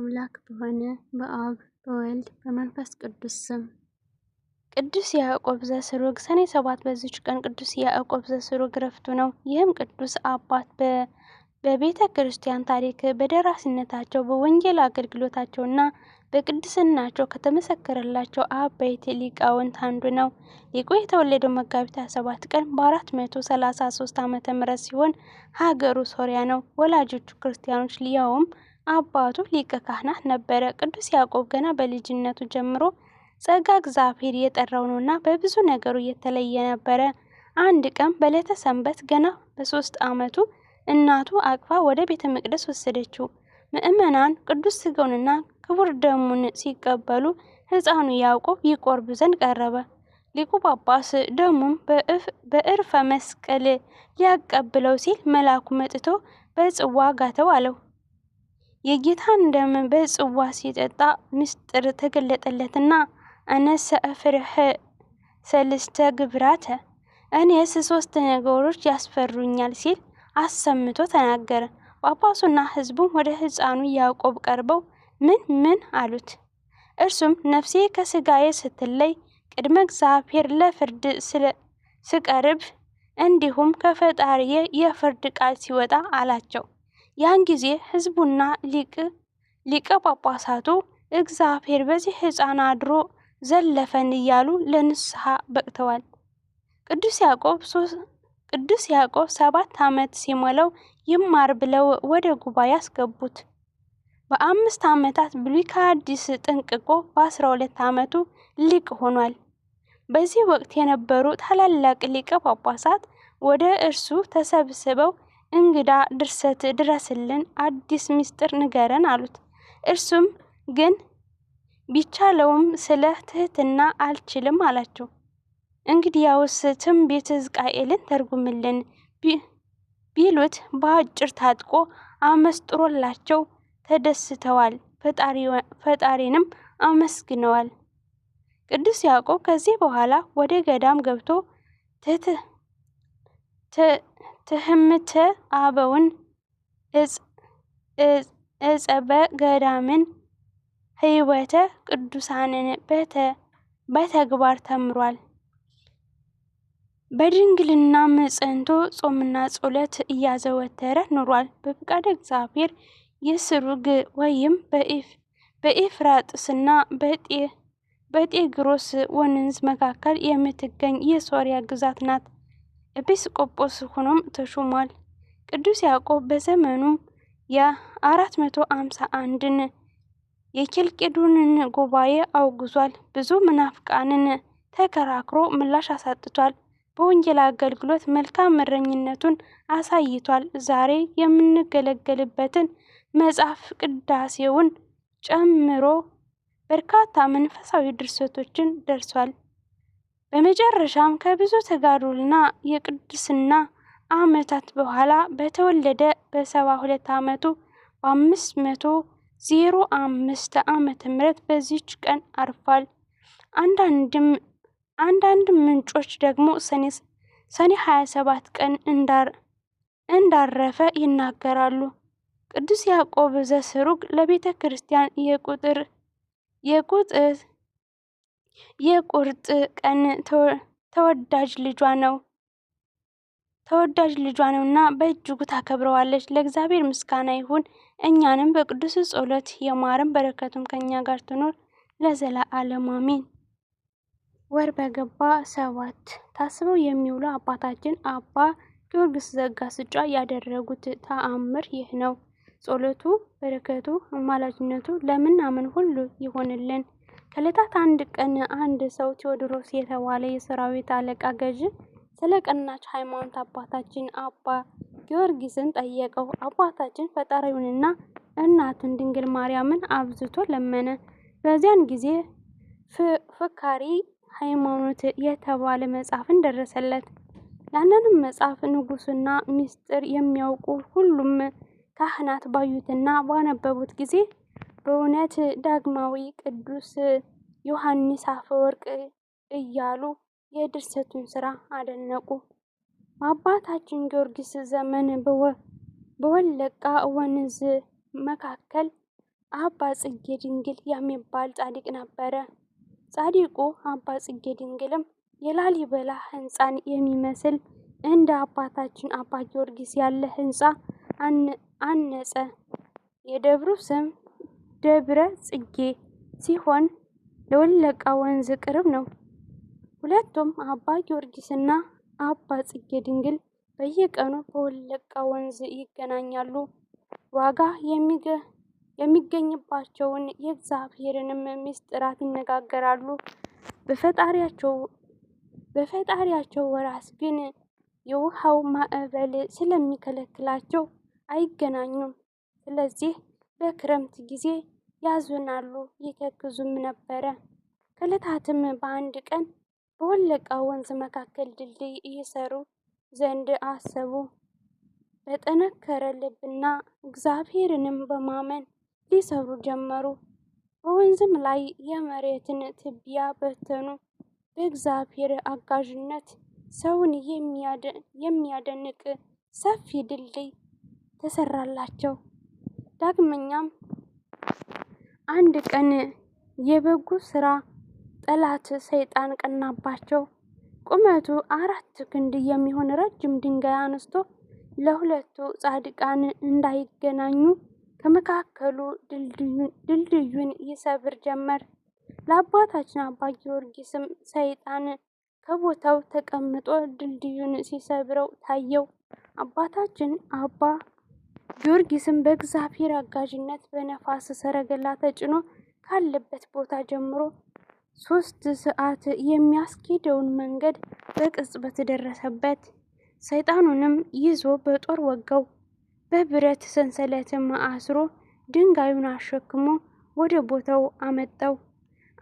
አምላክ በሆነ በአብ በወልድ በመንፈስ ቅዱስ ስም። ቅዱስ ያዕቆብ ዘስሩግ ሰኔ ሰባት በዚች ቀን ቅዱስ ያዕቆብ ዘስሩግ ረፍቱ ነው። ይህም ቅዱስ አባት በቤተ ክርስቲያን ታሪክ በደራሲነታቸው በወንጌል አገልግሎታቸውና በቅድስናቸው ከተመሰከረላቸው አበይት ሊቃውንት አንዱ ነው። ሊቁ የተወለደው መጋቢት 27 ቀን በ433 ም ሲሆን ሀገሩ ሶሪያ ነው። ወላጆቹ ክርስቲያኖች ሊያውም አባቱ ሊቀ ካህናት ነበረ። ቅዱስ ያዕቆብ ገና በልጅነቱ ጀምሮ ጸጋ እግዚአብሔር የጠራው ነውና በብዙ ነገሩ እየተለየ ነበረ። አንድ ቀን በዕለተ ሰንበት ገና በሶስት ዓመቱ እናቱ አቅፋ ወደ ቤተ መቅደስ ወሰደችው። ምእመናን ቅዱስ ስጋውንና ክቡር ደሙን ሲቀበሉ ሕፃኑ ያዕቆብ ይቆርብ ዘንድ ቀረበ። ሊቁ ጳጳስ ደሙም በእርፈ መስቀል ሊያቀብለው ሲል መልአኩ መጥቶ በጽዋ ጋተው አለው። የጌታን ደም በጽዋ ሲጠጣ ምስጢር ተገለጠለትና አነሰ እፍርህ ሰልስተ ግብራተ እኔስ ሶስት ነገሮች ያስፈሩኛል ሲል አሰምቶ ተናገረ። ጳጳሱና ሕዝቡም ወደ ሕፃኑ ያዕቆብ ቀርበው ምን ምን አሉት? እርሱም ነፍሴ ከስጋዬ ስትለይ ቅድመ እግዚአብሔር ለፍርድ ስቀርብ እንዲሁም ከፈጣሪዬ የፍርድ ቃል ሲወጣ አላቸው። ያን ጊዜ ሕዝቡና ሊቀ ጳጳሳቱ እግዚአብሔር በዚህ ሕፃን አድሮ ዘለፈን እያሉ ለንስሐ በቅተዋል። ቅዱስ ያዕቆብ ሰባት ዓመት ሲሞላው ይማር ብለው ወደ ጉባኤ ያስገቡት። በአምስት ዓመታት ብሉይ ከአዲስ ጠንቅቆ በአስራ ሁለት ዓመቱ ሊቅ ሆኗል። በዚህ ወቅት የነበሩ ታላላቅ ሊቀ ጳጳሳት ወደ እርሱ ተሰብስበው እንግዳ ድርሰት ድረስልን፣ አዲስ ምስጢር ንገረን አሉት። እርሱም ግን ቢቻለውም ስለ ትህትና አልችልም አላቸው። እንግዲያውስ ትንቢተ ሕዝቅኤልን ተርጉምልን ቢሉት በአጭር ታጥቆ አመስጥሮላቸው ተደስተዋል፣ ፈጣሪንም አመስግነዋል። ቅዱስ ያዕቆብ ከዚህ በኋላ ወደ ገዳም ገብቶ ትህምተ አበውን ዕጸበ ገዳምን ሕይወተ ቅዱሳንን በተግባር ተምሯል። በድንግልና ጸንቶ ጾምና ጸሎት እያዘወተረ ኑሯል። በፈቃደ እግዚአብሔር የስሩግ ወይም በኤፍራጥስና በጤግሮስ ወንዝ መካከል የምትገኝ የሶርያ ግዛት ናት። ኤጲስቆጶስ ሆኖም ተሹሟል። ቅዱስ ያዕቆብ በዘመኑ የ451ን ጉባኤ አውግዟል። ብዙ ምናፍቃንን ተከራክሮ ምላሽ አሳጥቷል። በወንጌል አገልግሎት መልካም እረኝነቱን አሳይቷል። ዛሬ የምንገለገልበትን መጽሐፍ ቅዳሴውን ጨምሮ በርካታ መንፈሳዊ ድርሰቶችን ደርሷል። በመጨረሻም ከብዙ ተጋሩልና የቅድስና ዓመታት በኋላ በተወለደ በሰባ ሁለት ዓመቱ በአምስት መቶ ዜሮ አምስት ዓመተ በዚች ቀን አርፏል። አንዳንድ ምንጮች ደግሞ ሰኔ 27 ቀን እንዳረፈ ይናገራሉ። ቅዱስ ያዕቆብ ዘስሩግ ለቤተ ክርስቲያን የቁጥር የቁርጥ ቀን ተወዳጅ ልጇ ነው ተወዳጅ ልጇ ነው እና በእጅጉ ታከብረዋለች። ለእግዚአብሔር ምስጋና ይሁን። እኛንም በቅዱስ ጸሎት የማረም በረከቱም ከእኛ ጋር ትኖር ለዘለዓለም አሜን። ወር በገባ ሰባት ታስበው የሚውሉ አባታችን አባ ጊዮርጊስ ዘጋስጫ ያደረጉት ተአምር ይህ ነው። ጸሎቱ፣ በረከቱ፣ አማላጅነቱ ለምናምን ሁሉ ይሆንልን። ከዕለታት አንድ ቀን አንድ ሰው ቴዎድሮስ የተባለ የሰራዊት አለቃ ገዥ ስለ ቀናች ሃይማኖት አባታችን አባ ጊዮርጊስን ጠየቀው። አባታችን ፈጣሪውንና እናቱን ድንግል ማርያምን አብዝቶ ለመነ። በዚያን ጊዜ ፍካሪ ሃይማኖት የተባለ መጽሐፍን ደረሰለት። ያንንም መጽሐፍ ንጉስና ምስጢር የሚያውቁ ሁሉም ካህናት ባዩትና ባነበቡት ጊዜ በእውነት ዳግማዊ ቅዱስ ዮሐንስ አፈወርቅ እያሉ የድርሰቱን ሥራ አደነቁ። አባታችን ጊዮርጊስ ዘመን በወለቃ ወንዝ መካከል አባ ጽጌ ድንግል የሚባል ጻድቅ ነበረ። ጻድቁ አባ ጽጌ ድንግልም የላሊበላ ሕንፃን የሚመስል እንደ አባታችን አባ ጊዮርጊስ ያለ ሕንፃ አነጸ። የደብሩ ስም ደብረ ጽጌ ሲሆን ለወለቃ ወንዝ ቅርብ ነው። ሁለቱም አባ ጊዮርጊስና አባ ጽጌ ድንግል በየቀኑ በወለቃ ወንዝ ይገናኛሉ። ዋጋ የሚገኝባቸውን የእግዚአብሔርንም ምስጢራት ይነጋገራሉ። በፈጣሪያቸው ወራስ ግን የውሃው ማዕበል ስለሚከለክላቸው አይገናኙም። ስለዚህ በክረምት ጊዜ ያዙናሉ ይተክዙም ነበረ። ከለታትም በአንድ ቀን በወለቃ ወንዝ መካከል ድልድይ እየሰሩ ዘንድ አሰቡ። በጠነከረ ልብና እግዚአብሔርንም በማመን ሊሰሩ ጀመሩ። በወንዝም ላይ የመሬትን ትቢያ በተኑ። በእግዚአብሔር አጋዥነት ሰውን የሚያደንቅ ሰፊ ድልድይ ተሰራላቸው። ዳግመኛም አንድ ቀን የበጉ ስራ ጠላት ሰይጣን ቀናባቸው። ቁመቱ አራት ክንድ የሚሆን ረጅም ድንጋይ አነስቶ ለሁለቱ ጻድቃን እንዳይገናኙ ከመካከሉ ድልድዩን ይሰብር ጀመር። ለአባታችን አባ ጊዮርጊስም ሰይጣን ከቦታው ተቀምጦ ድልድዩን ሲሰብረው ታየው። አባታችን አባ ጊዮርጊስም በእግዚአብሔር አጋዥነት በነፋስ ሰረገላ ተጭኖ ካለበት ቦታ ጀምሮ ሶስት ሰዓት የሚያስኬደውን መንገድ በቅጽበት ደረሰበት። ሰይጣኑንም ይዞ በጦር ወጋው። በብረት ሰንሰለትም አስሮ ድንጋዩን አሸክሞ ወደ ቦታው አመጣው።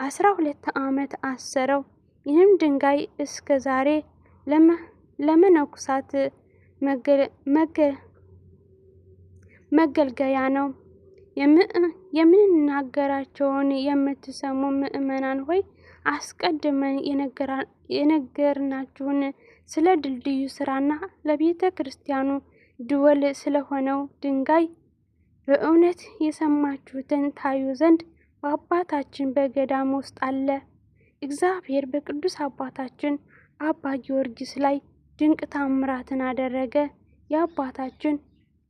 አስራ ሁለት ዓመት አሰረው። ይህም ድንጋይ እስከ ዛሬ ለመነኩሳት መገ መገልገያ ነው። የምንናገራቸውን የምትሰሙ ምዕመናን ሆይ አስቀድመን የነገርናችሁን ስለ ድልድዩ ስራና ለቤተ ክርስቲያኑ ድወል ስለሆነው ድንጋይ በእውነት የሰማችሁትን ታዩ ዘንድ በአባታችን በገዳም ውስጥ አለ። እግዚአብሔር በቅዱስ አባታችን አባ ጊዮርጊስ ላይ ድንቅ ታምራትን አደረገ። የአባታችን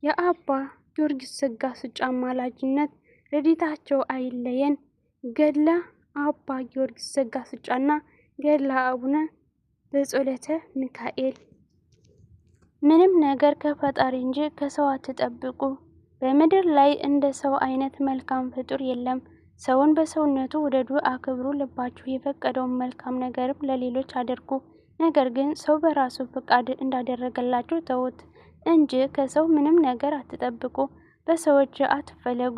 የአባ ጊዮርጊስ ስጋስ ጫማ ላጅነት ረዲታቸው አይለየን። ገድለ አባ ጊዮርጊስ ስጋ እና ገድለ አቡነ በጸሎተ ሚካኤል። ምንም ነገር ከፈጣሪ እንጂ ከሰው አትጠብቁ። በምድር ላይ እንደ ሰው አይነት መልካም ፍጡር የለም። ሰውን በሰውነቱ ውደዱ፣ አክብሩ። ልባችሁ የፈቀደውን መልካም ነገርም ለሌሎች አድርጉ። ነገር ግን ሰው በራሱ ፍቃድ እንዳደረገላችሁ ተውት። እንጂ ከሰው ምንም ነገር አትጠብቁ። በሰዎች አትፈለጉ፣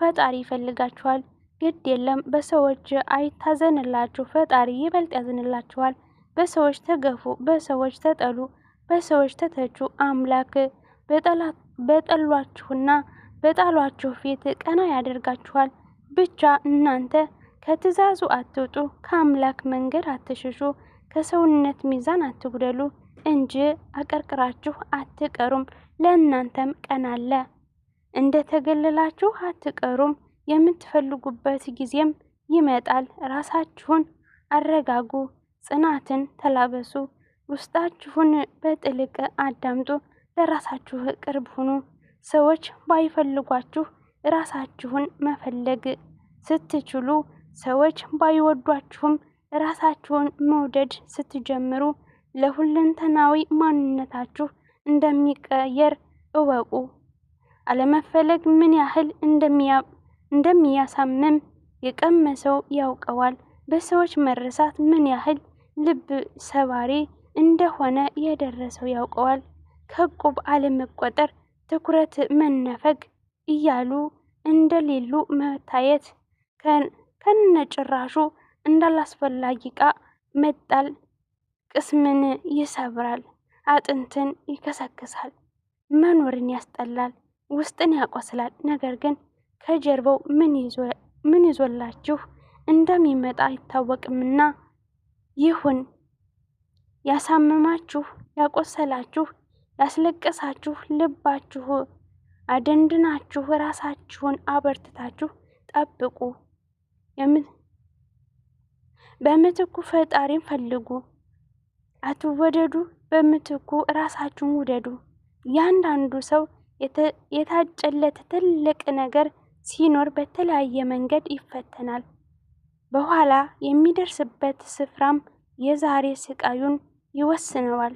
ፈጣሪ ይፈልጋችኋል። ግድ የለም በሰዎች አይታዘንላችሁ፣ ፈጣሪ ይበልጥ ያዝንላችኋል። በሰዎች ተገፉ፣ በሰዎች ተጠሉ፣ በሰዎች ተተቹ። አምላክ በጠሏችሁና በጣሏችሁ ፊት ቀና ያደርጋችኋል። ብቻ እናንተ ከትእዛዙ አትውጡ፣ ከአምላክ መንገድ አትሽሹ፣ ከሰውነት ሚዛን አትጉደሉ። እንጂ አቀርቅራችሁ አትቀሩም። ለእናንተም ቀን አለ፣ እንደ ተገለላችሁ አትቀሩም። የምትፈልጉበት ጊዜም ይመጣል። ራሳችሁን አረጋጉ፣ ጽናትን ተላበሱ፣ ውስጣችሁን በጥልቅ አዳምጡ፣ ለራሳችሁ ቅርብ ሁኑ። ሰዎች ባይፈልጓችሁ ራሳችሁን መፈለግ ስትችሉ፣ ሰዎች ባይወዷችሁም ራሳችሁን መውደድ ስትጀምሩ ለሁለንተናዊ ማንነታችሁ እንደሚቀየር እወቁ። አለመፈለግ ምን ያህል እንደሚያሳምም የቀመሰው ያውቀዋል። በሰዎች መረሳት ምን ያህል ልብ ሰባሪ እንደሆነ የደረሰው ያውቀዋል። ከቁብ አለመቆጠር፣ ትኩረት መነፈግ እያሉ እንደሌሉ መታየት፣ ከነጭራሹ እንዳላስፈላጊ ዕቃ መጣል ቅስምን ይሰብራል፣ አጥንትን ይከሰክሳል፣ መኖርን ያስጠላል፣ ውስጥን ያቆስላል። ነገር ግን ከጀርባው ምን ይዞላችሁ እንደሚመጣ አይታወቅምና ይሁን ያሳምማችሁ ያቆሰላችሁ፣ ያስለቀሳችሁ ልባችሁ አደንድናችሁ ራሳችሁን አበርትታችሁ ጠብቁ። በምትኩ ፈጣሪን ፈልጉ። አትወደዱ፣ በምትኩ ራሳችሁን ውደዱ። እያንዳንዱ ሰው የታጨለት ትልቅ ነገር ሲኖር በተለያየ መንገድ ይፈተናል። በኋላ የሚደርስበት ስፍራም የዛሬ ስቃዩን ይወስነዋል።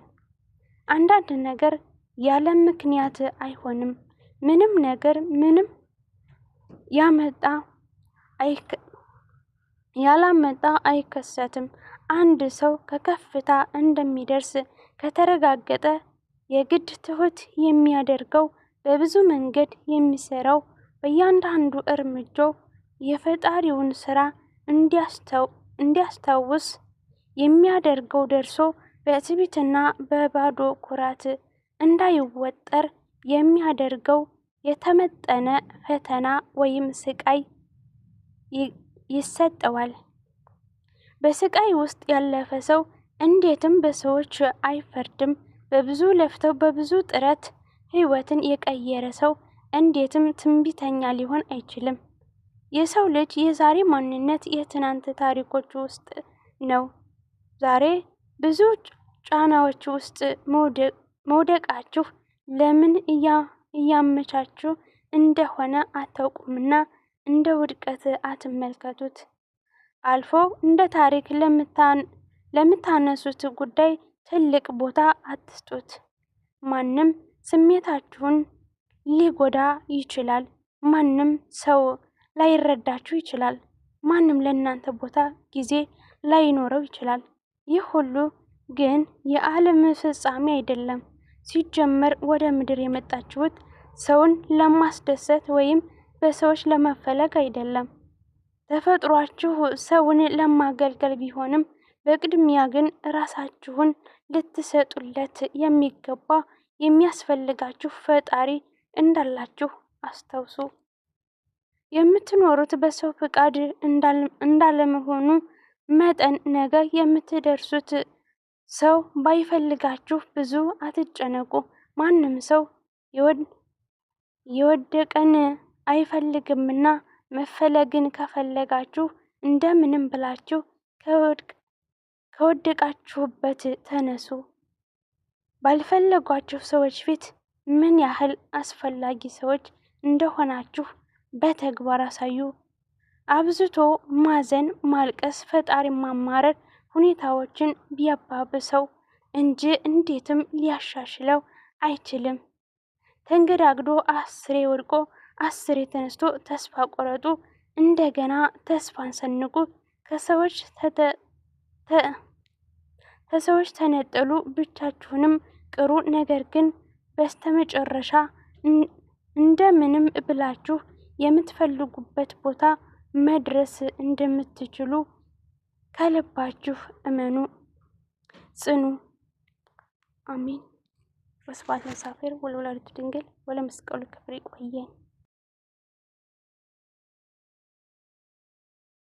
አንዳንድ ነገር ያለ ምክንያት አይሆንም። ምንም ነገር ምንም ያመጣ ያላመጣ አይከሰትም። አንድ ሰው ከከፍታ እንደሚደርስ ከተረጋገጠ የግድ ትሁት የሚያደርገው በብዙ መንገድ የሚሰራው በእያንዳንዱ እርምጃው የፈጣሪውን ስራ እንዲያስታውስ የሚያደርገው ደርሶ በትዕቢትና በባዶ ኩራት እንዳይወጠር የሚያደርገው የተመጠነ ፈተና ወይም ስቃይ ይሰጠዋል። በስቃይ ውስጥ ያለፈ ሰው እንዴትም በሰዎች አይፈርድም። በብዙ ለፍተው በብዙ ጥረት ህይወትን የቀየረ ሰው እንዴትም ትንቢተኛ ሊሆን አይችልም። የሰው ልጅ የዛሬ ማንነት የትናንት ታሪኮች ውስጥ ነው። ዛሬ ብዙ ጫናዎች ውስጥ መውደቃችሁ ለምን እያመቻችሁ እንደሆነ አታውቁምና እንደ ውድቀት አትመልከቱት። አልፎ እንደ ታሪክ ለምታነሱት ጉዳይ ትልቅ ቦታ አትስጡት። ማንም ስሜታችሁን ሊጎዳ ይችላል። ማንም ሰው ላይረዳችሁ ይችላል። ማንም ለእናንተ ቦታ ጊዜ ላይኖረው ይችላል። ይህ ሁሉ ግን የዓለም ፍጻሜ አይደለም። ሲጀመር ወደ ምድር የመጣችሁት ሰውን ለማስደሰት ወይም በሰዎች ለመፈለግ አይደለም። ተፈጥሯችሁ ሰውን ለማገልገል ቢሆንም በቅድሚያ ግን ራሳችሁን ልትሰጡለት የሚገባ የሚያስፈልጋችሁ ፈጣሪ እንዳላችሁ አስታውሱ። የምትኖሩት በሰው ፍቃድ እንዳለመሆኑ መጠን ነገ የምትደርሱት ሰው ባይፈልጋችሁ ብዙ አትጨነቁ። ማንም ሰው የወደቀን አይፈልግምና መፈለግን ከፈለጋችሁ እንደምንም ብላችሁ ከወደቃችሁበት ተነሱ። ባልፈለጓችሁ ሰዎች ፊት ምን ያህል አስፈላጊ ሰዎች እንደሆናችሁ በተግባር አሳዩ። አብዝቶ ማዘን፣ ማልቀስ፣ ፈጣሪ ማማረር ሁኔታዎችን ቢያባብሰው እንጂ እንዴትም ሊያሻሽለው አይችልም። ተንገዳግዶ አስሬ ወድቆ አስር የተነስቶ ተስፋ ቆረጡ፣ እንደገና ተስፋን ሰንቁ፣ ከሰዎች ከሰዎች ተነጠሉ፣ ብቻችሁንም ቅሩ። ነገር ግን በስተመጨረሻ እንደምንም ብላችሁ የምትፈልጉበት ቦታ መድረስ እንደምትችሉ ከልባችሁ እመኑ፣ ጽኑ። አሚን። ወስብሐት ለእግዚአብሔር ወለወላዲቱ ድንግል ወለመስቀሉ ክቡር። ይቆየን።